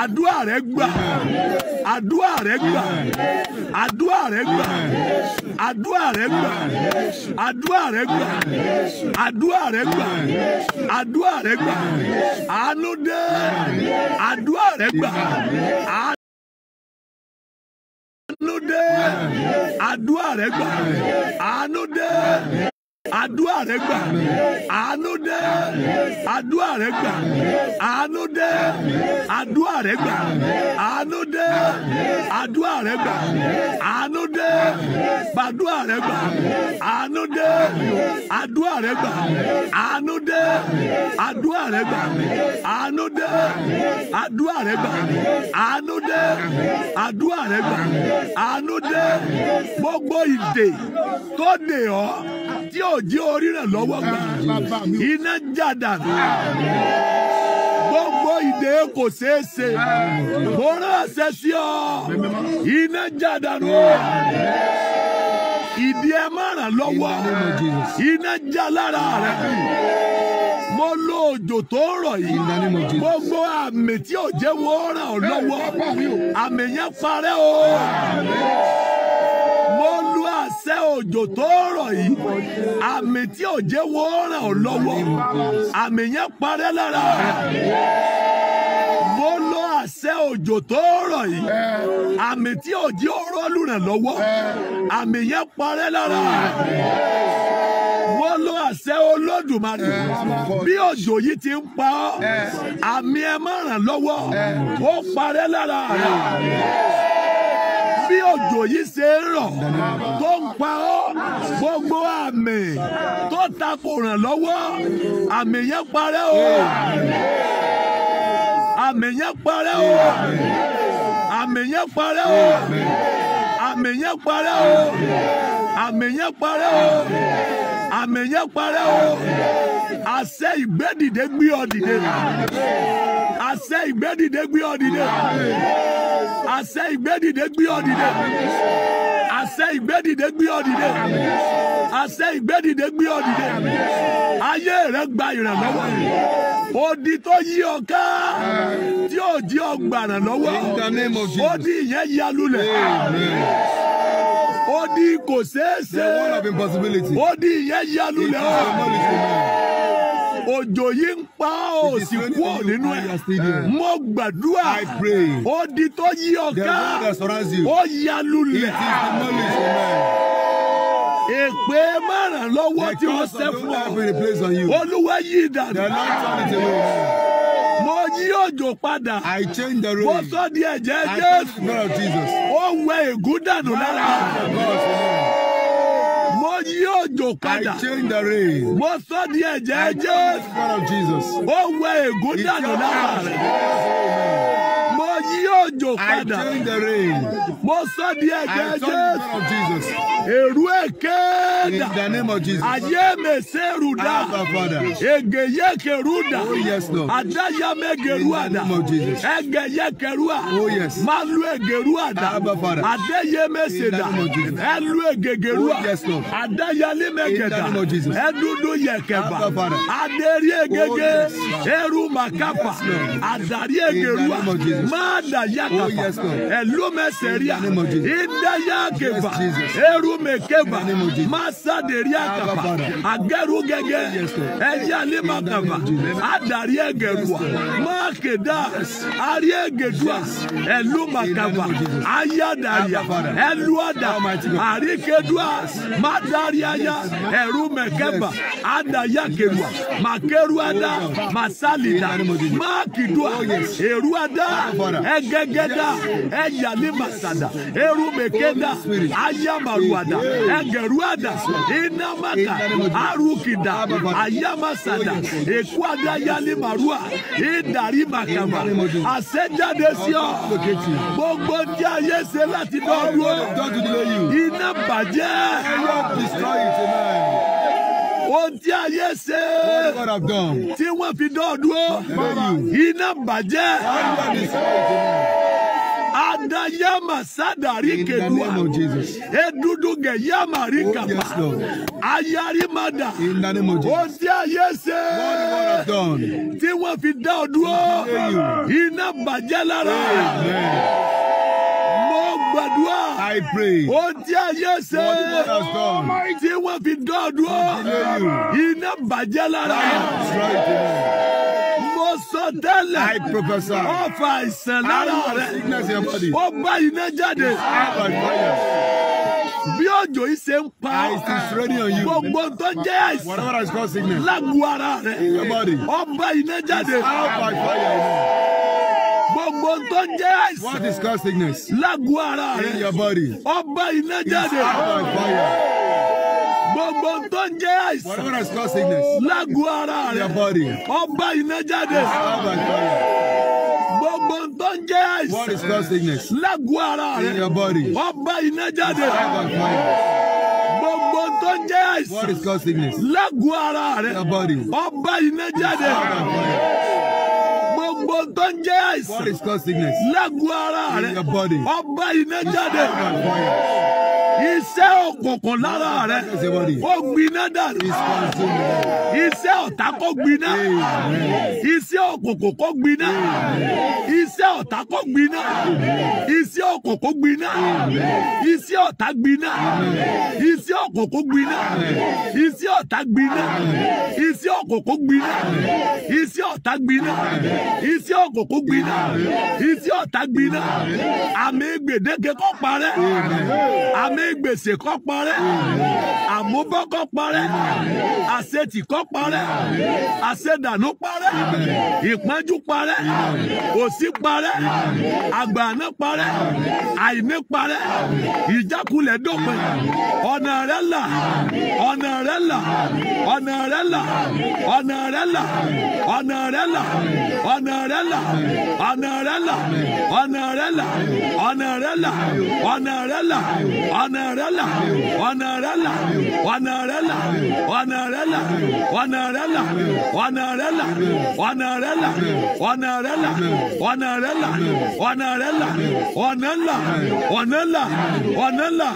àdúrà rẹ gbà àdúrà rẹ gbà àdúrà rẹ gbà àdúrà rẹ gbà àdúrà rẹ gbà àdúrà rẹ gbà àdúrà rẹ gbà àánú dé àdúrà rẹ gbà Anude. dé rẹ gbà àánú dé rẹ gbà àánú dé rẹ gbà àánú dé àdúrà rẹ gbà àánú dé àdúrà rẹ gbà àánú dé gbàdúrà rẹ gbà àánú dé àdúrà rẹ gbà àánú dé àdúrà rẹ gbà àánú dé àdúrà rẹ gbà àánú dé àdúrà rẹ gbà àánú dé gbogbo ìdè tó dè ọ́ tí ò jí orí rẹ̀ lọ́wọ́ gbà iná jàdà gbogbo ìdè kò ṣeé ṣe mo rán àṣẹ sí ọ iná jà dànù ìdí ẹ má ràn lọ́wọ́ iná já lára rẹ mo lo òjò tó ń yìí gbogbo àmì tí ò jẹ́ wọ́n ràn ọ́ lọ́wọ́ àmì yẹn parẹ́ o mo lu àṣẹ òjò tó ń yìí àmì tí ò jẹ́ wọ́n ràn ọ́ lọ́wọ́ àmì yẹn parẹ́ lára rẹ òjò tó rọ̀ yìí àmì tí òjì ó rọ́ọ̀lù rẹ̀ lọ́wọ́ àmì yẹn parẹ́ lára wọ́n lọ àṣẹ olódùmarè bí òjò yìí ti ń pa ọ́ àmì ẹ má ràn lọ́wọ́ ó parẹ́ lára bí òjò yìí ṣe ń rọ̀ tó ń pa ọ́ gbogbo àmì tó takò ràn lọ́wọ́ àmì yẹn parẹ́ o àmì yẹn parẹ́ o àmì yẹn parẹ́ o àmì yẹn parẹ́ o àmì yẹn parẹ́ o àmì yẹn parẹ́ o àṣẹ ìgbédìde gbé ọ dìde àṣẹ ìgbédìde gbé ọ dìde àṣẹ ìgbédìde gbé ọ dìde àṣẹ ìgbédìde gbé ọ dìde àṣẹ ìgbédìde gbé ọ dìde ayé rẹ gba ìrànlọ́wọ́ odi tó yí ọ ká tí ò jí ọ gbàrà lọ́wọ́ odi yẹn ya lulẹ̀ ó di kò ṣeé ṣe ó di ìyẹn yanu lẹ ọ òjò yìí ń pa ó sì kú ò nínú ẹ̀ mo gbàdúrà ó di tó yí ọ̀ká ó ya lulẹ̀ èpè márùn lọ́wọ́ tí ó ṣẹ́ fún ọ olúwa yí dànù mo yí òjò padà. I change the rain. mo sọ di ẹ̀jẹ̀ Jésù. Jesus. ó wẹ ègún dànù lára yí òjò padà. I change the rain. Mo sọ di ẹ̀jẹ̀ Jésù. Ó wẹ ègún dànù lára rẹ̀ yí òjò padà. Mo sọ di ẹ̀jẹ̀ Jésù. Èrú èké dà. Ayé mèsè rù dà. Ege yé kèrú dà. Àdá yá mẹ́gẹ̀rú àdà. Ẹgẹ̀ yé kẹrú à. Má lu ègèrú àdà. Àdé yé mèsè dà. Ẹ e lu ègègèrú à. Àdá yá lé mẹ́gẹ̀dà. Ẹ dúdú yẹ kẹba. màkàpà. Àdàrí ègèrú à. Má Manda Yakaba, Elume Seria, Inda Yakeba, Erume Keba, Masa de Yakaba, Ageru Gege, Eyali Makaba, Adarie Gerua, Makeda, Arie Gerua, Eluma Kaba, Ayadaria, Eluada, Arike Duas, Madariaya, Erume Keba, Adaya Gerua, Makeruada, Masalida, Makidua, Eruada, egegeda eyalimasada erumekeda ayamaruada egeruada inamaka arukida ayamasada ekuadayalimarua idarimakama àṣẹjáde sí ọ gbogbo tí ayé ṣe láti dọ́ọ̀dúró iná bàjẹ́. Ohun tí ayé ṣe. Tí wọ́n fi dán dúró. Iná bàjẹ́. Ada yama sadari kedua. Eduduge yama rikapa. Ayari mada. Osi ayese. Tí wọ́n fi dá ọ dúró. Iná bàjẹ́ lára. Mo gbàdúrà. I pray. Ohun tí ayé ṣe. Tí wọ́n fi dán dúró. Iná bàjẹ́ lára mo sọ tẹ́lẹ̀. I prophesy. Wọ́n fa àìsàn lára rẹ̀. sickness your body. Wọ́n bá iná jáde. Bí òjò yìí ṣe ń pa Gbogbo tó jẹ́ àìsàn. Lágùn ara rẹ̀. In body. iná jáde gbogbo tó ń jẹ́ àìsàn. what is called sickness. lágùn ara rẹ. in your body. ọba iná jáde. ọba ìfọyà gbogbo tó ń jẹ́ àìsàn lágùn ara rẹ̀ ọba iná jáde gbogbo tó ń jẹ́ àìsàn lágùn ara rẹ̀ ọba iná jáde gbogbo tó ń jẹ́ àìsàn lágùn ara rẹ̀ ọba iná jáde gbogbo tó ń jẹ́ àìsàn lágọ̀ọ́ ara rẹ̀ ọba ìnájáde iṣẹ́ òkùnkùn lára rẹ kó gbiná dànù iṣẹ́ ọ̀tá kó gbiná iṣẹ́ òkùnkùn kó gbiná iṣẹ́ ọ̀tá kó gbiná iṣẹ́ òkùnkùn gbiná iṣẹ́ ọ̀tá gbiná iṣẹ́ òkùnkùn gbiná iṣẹ́ ọ̀tá gbiná iṣẹ́ òkùnkùn gbiná iṣẹ́ ọ̀tá gbiná iṣẹ́ òkùnkùn gbiná iṣẹ́ ọ̀tá gbiná àmì gbèdéke kó parẹ́ àmì gbèsè kó parẹ́ àmúbọ́ kó parẹ́ àṣetì kó parẹ́ àṣedànù parẹ́ ìpọ́njú parẹ́ òṣì parẹ́ àgbààná parẹ́ àìní parẹ́ ìjákulẹ̀ dópin ọ̀nà rẹ̀ là ọ̀nà rẹ̀ là ọ̀nà rẹ̀ là ọ̀nà rẹ̀ là ọ̀nà rẹ̀ là ọ̀nà rẹ̀ là ọ̀nà rẹ̀ là ọ̀nà rẹ̀ là ọ̀nà rẹ̀ là ọ̀nà rẹ̀ là ọ̀nà rẹ̀ là ọ̀nà rẹ̀ là ọ̀nà rẹ̀ là ọ̀nà rẹ̀ là ọ̀nà rẹ̀ là ọ̀nà rẹ̀ là ọ̀nà rẹ̀ là ọ̀nà rẹ̀ là ọ̀nà rẹ̀ là ọ̀nà rẹ̀ là ọ̀nà là ọ̀nà là ọ̀nà là ọ̀nà là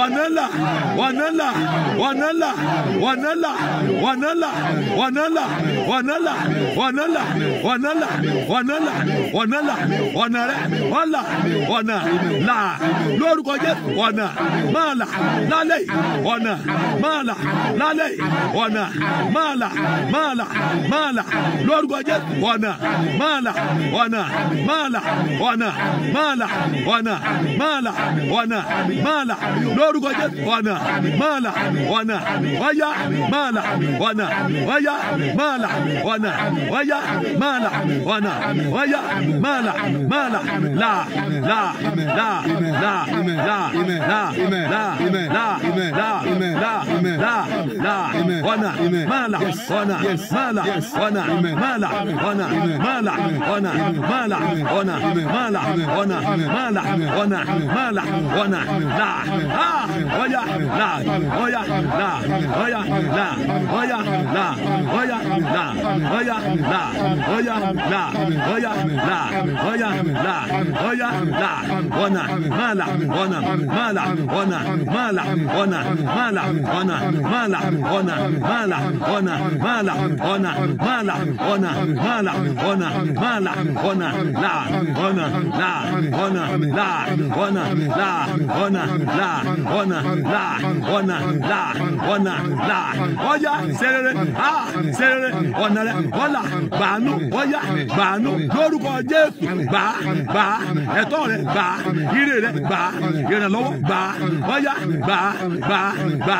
ọ̀nà là ọ̀nà là ọ̀nà là ọ̀nà là ọ̀nà là ọ̀nà là ọ̀nà là ọ̀nà là ọ̀nà là ọ̀nà là ọ̀nà rẹ̀ ọ̀nà ọ̀nà là lórúkọ Jésù ọ̀nà máa là lálẹ́ ọ̀nà mala lálẹ́ wana. mala mala mala Lord God, Jésù wana, mala wana, mala wana, mala wana, mala wana, mala lórúkọ Jésù ọ̀nà mala ọ̀nà ọ̀yá mala wana. Waya, mala wana. Waya, mala wana. Waya, mala mala la la la la la la la la la la. لا لا لا وانا ما لا وانا ما لا وانا ما لا وانا ما لا وانا ما لا وانا ما لا وانا ما لا وانا ما لا وانا لا ها ويا لا ويا لا ويا لا ويا لا ويا لا ويا لا ويا لا ويا لا ويا لا ويا لا وانا ما لا وانا ما لا وانا ما لا وانا ما لا ona mala ona mala ona mala ona mala ona mala ona mala ona la ona la ona la ona la ona la ona la ona la ona la oya serere ha serere ona re ola banu oya banu lórúkọ Jésù gba gba ẹ̀tọ́ rẹ gba ire rẹ gba ìrànlọ́wọ́ gba oya gba gba gba.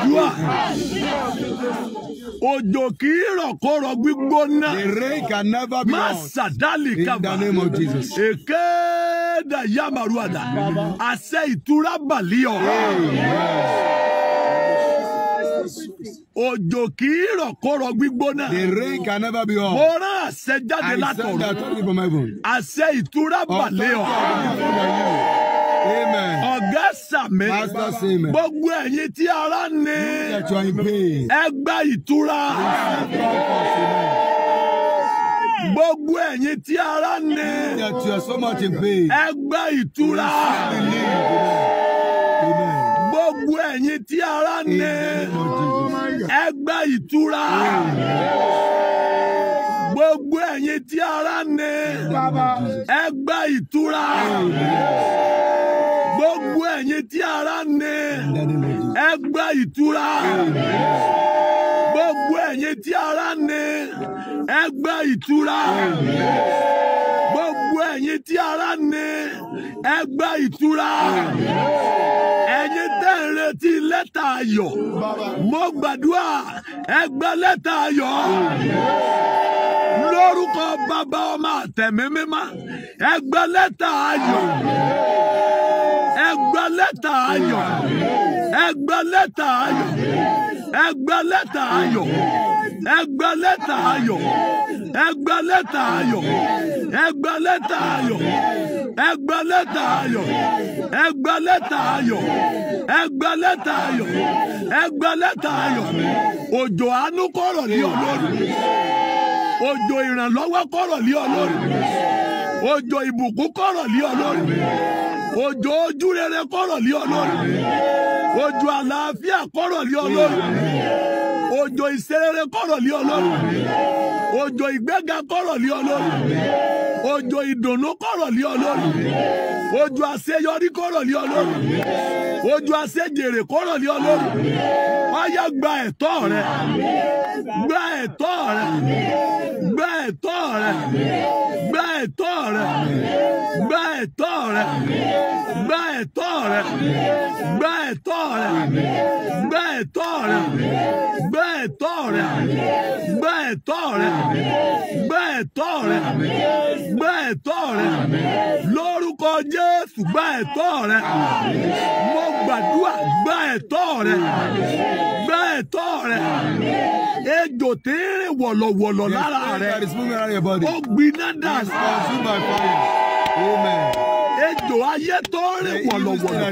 àdúrà òjò kì í rọ̀ kó rọ gbígbóná má sàdálì kaba èké da yamaruada àṣẹ ìtura bàlíọ̀ òjò kì í rọ̀ kó gbígbóná. the rain can never be off. mo rán àṣẹ jáde látọ̀run àṣẹ ìtura balẹ̀ ọ̀. amen ẹ sàmì. gbogbo ẹ̀yin tí ara ní. ẹ gba ìtura gbogbo ẹ̀yin tí ara ní. ẹ gba ìtura. gbogbo ẹ̀yin tí ara ní. ẹ gba ìtura. Gbogbo ẹ̀yin tí ara ní ẹ gba ìtura. Gbogbo ẹ̀yin tí ara ní ẹ gba ìtura. Gbogbo ẹ̀yin tí ara ní ẹ gba ìtura. Gbogbo ẹ̀yin tí ara ní ẹ ìtura. Ẹ̀yin ń retí lẹ́tà ayọ̀ mo gbàdúrà ẹ gba lẹ́tà ayọ̀ lórúkọ bàbá ọmọ àtẹ̀mẹ́mẹ́má ẹ gba lẹ́tà ayọ̀ ẹ gba lẹ́tà ayọ̀ ẹ gba lẹ́tà ayọ̀ ẹ gba lẹ́tà ayọ̀ ẹ lẹ́tà ayọ̀ ẹ lẹ́tà ayọ̀ ẹ lẹ́tà ayọ̀ ẹgbẹ́ lẹ́tà ayọ̀ ẹgbẹ́ lẹ́tà ayọ̀ ẹgbẹ́ lẹ́tà ayọ̀ òjò àánú kọ̀rọ̀ lé ọlọ́run òjò ìrànlọ́wọ́ kọ̀rọ̀ lé ọlọ́run òjò ìbùkún kọ̀rọ̀ lé ọlọ́run òjò ojú kọ̀rọ̀ lé ọlọ́run òjò àlàáfíà kọ̀rọ̀ lé ọlọ́run òjò ìṣerere kọ̀rọ̀ lé ọlọ́run òjò ìgbéga kọ̀rọ̀ lé ọlọ́run òjò ìdùnnú kọ̀rọ̀ lé ọlọ́run ojú àṣeyọrí kọ́rọ̀ lé ọlọ́run ojú àṣejèrè kọ́rọ̀ lé ọlọ́run ọyá gba ẹ̀tọ́ rẹ gba ẹ̀tọ́ rẹ gba ẹ̀tọ́ rẹ gba ẹ̀tọ́ rẹ gba ẹ̀tọ́ rẹ gba ẹ̀tọ́ rẹ gba ẹ̀tọ́ rẹ gba ẹ̀tọ́ rẹ gba ẹ̀tọ́ rẹ gba ẹ̀tọ́ rẹ gba ẹ̀tọ́ rẹ gba ẹ̀tọ́ rẹ. Jésù gba ẹ̀tọ́ rẹ mo gbàdúrà gba ẹ̀tọ́ rẹ gba ẹ̀tọ́ rẹ ejò tí ń lára rẹ ó gbiná dà sí ejò ayé tó rìn wọ̀lọ̀wọ̀lọ̀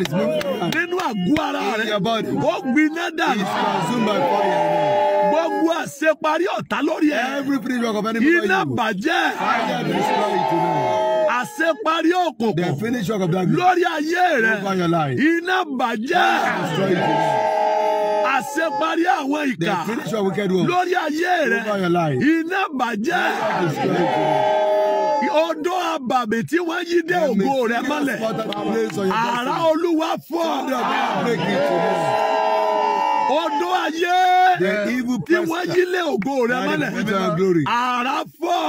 nínú àgọ́ ara rẹ̀ ó gbiná dànù. gbogbo àṣeparí ọ̀tá lórí ẹ̀ iná bàjẹ́ àṣeparí òkùnkùn. the finish work of darkness. lórí ayé rẹ iná bàjẹ́ àṣeparí àwọn ìkà lórí ayé rẹ iná bàjẹ́ odó abàmì tí wọ́n yí dé ògo rẹ mọ́lẹ̀ àrá olúwa fọ́ odó ayé tí wọ́n yí lé ògo rẹ mọ́lẹ̀ àrá fọ́.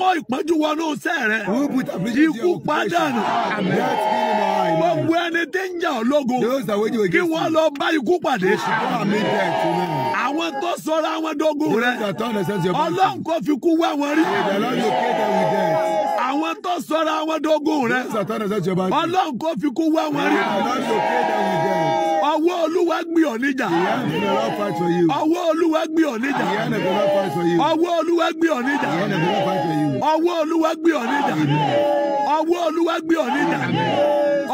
bọ́ ìpọ́njú wọnú iṣẹ́ rẹ ikú pàdánù gbogbo ẹni tí ń jà ológo kí wọ́n lọ bá ikú pàdé àwọn tó sọra àwọn dogo rẹ ọlọ́run kò fi kú wá wọn rí àwọn tó sọra àwọn dogo rẹ ọlọ́run kò fi kú wá wọn rí ọwọ́ olúwa gbé ọ níjà. ọwọ́ olúwa gbé ọ ọwọ́ olúwa gbé ọ ọwọ́ olúwa gbé ọ ọwọ́ olúwa gbé ọ ọwọ́ olúwa gbé ọ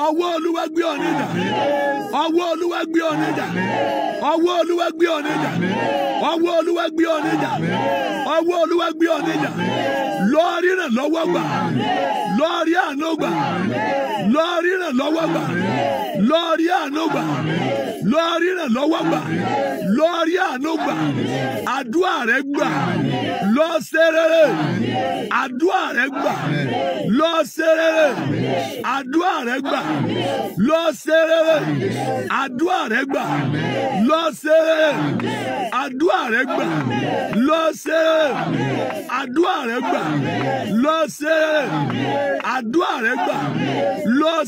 ọwọ́ olúwa gbé ọ ọwọ́ olúwa gbé ọ ọwọ́ olúwa gbé ọ ọwọ́ olúwa gbé ọ lọ́ọ̀rì ràn lọ́wọ́ gbà. lọ́ọ̀rì àánú gbà. lọ́ọ̀rì ràn lọ́wọ́ gbà. lọ́ọ̀rì àánú gbà lọ rí ìrànlọ́wọ́ gbà lọ rí àánú gbà àdúrà rẹ gbà lọ sẹ́rẹ́rẹ́ àdúrà rẹ gbà lọ sẹ́rẹ́rẹ́ àdúrà rẹ gbà lọ sẹ́rẹ́rẹ́ àdúrà rẹ gbà lọ sẹ́rẹ́rẹ́ àdúrà rẹ gbà lọ sẹ́rẹ́rẹ́ àdúrà rẹ gbà lọ sẹ́rẹ́rẹ́ àdúrà rẹ gbà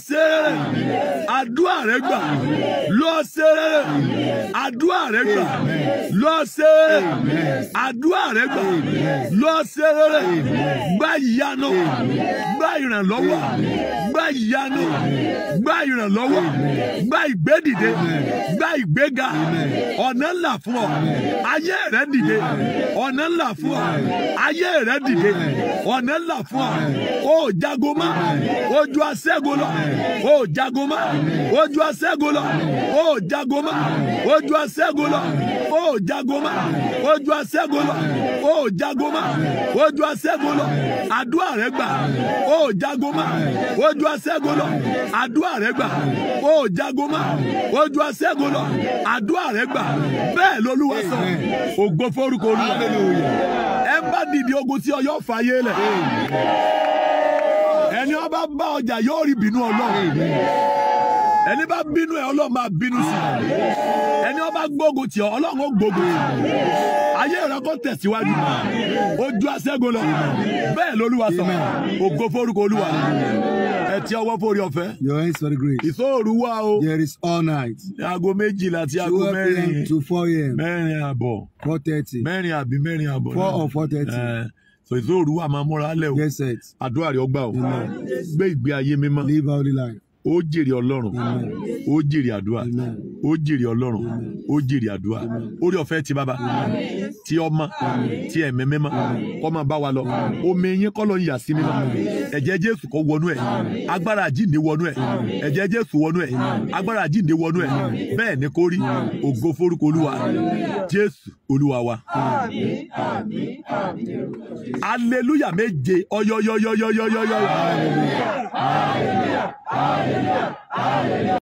ṣe rere àdúrà rẹ gbà lọ ṣe rere àdúrà rẹ gbà lọ ṣe rere àdúrà rẹ gbà lọ ṣe rere gba ìyanu gba ìrànlọ́wọ́ gba ìyanu gba ìrànlọ́wọ́ gba ìgbédìde gba ìgbéga ọ̀nà ńlá fún ọ ayé rẹ dìde ọ̀nà ńlá fún ọ ayé rẹ dìde ọ̀nà ńlá fún ọ ó jago mọ́ ojú aṣẹ́gun lọ ó jagun mọ́ ojú aṣẹ́gun lọ ó jagun mọ́ ojú aṣẹ́gun lọ ó jagun mọ́ ojú aṣẹ́gun lọ ó jagun mọ́ ojú aṣẹ́gun lọ àdúrà rẹ gbà ó jagun mọ́ ojú aṣẹ́gun lọ àdúrà rẹ gbà O jagun mọ́ ojú aṣẹ́gun lọ àdúrà rẹ gbà bẹ́ẹ̀ lolúwa sọ ògo forúkọ olúwa ẹ bá dìde ogun tí ọyọ́ fàyè lẹ̀ tá a bá bá ọjà yóò rí bínú ọlọ́run ẹni bá bínú ẹ ọlọ́run máa bínú sí ẹni ó bá gbógun tì ọ́ ọlọ́run ó gbógun tì ayé rẹ kó tẹ̀síwájú ojú aṣẹ́gun lọ bẹ́ẹ̀ lolúwa sọ ògo forúkọ olúwa ẹtí ọwọ́ fórí ọ̀fẹ́. your hands for the grace. ìsóòru wà o. there is all night. aago méjìlá àti aago mẹ́rin. two a.m. to four am. mẹ́rin àbọ̀. four thirty. mẹ́rin àbí mẹ́rin àbọ̀. four or four thirty so ìṣòro a máa múra lẹ o àdúrà rẹ ọgbà o gbé ìgbé ayé mímọ́ ó jèrè Ọlọ́run ó jèrè Adua. ó jèrè ọlọ́run ó jèrè àdúrà orí ọ̀fẹ́ ti bàbá tí ọmọ ti ẹ̀mí máa bá wa lọ omi yín kọ́ ló yà sí mímọ́ ẹ̀jẹ̀ jésù wọnú ẹ̀ agbára àjíǹde wọnú ẹ̀ ẹ̀jẹ̀ jésù wọnú ẹ̀ agbára àjíǹde wọnú ẹ̀ bẹ́ẹ̀ ni rí wa. aleluya méje ọyọyọyọyọyọyọ.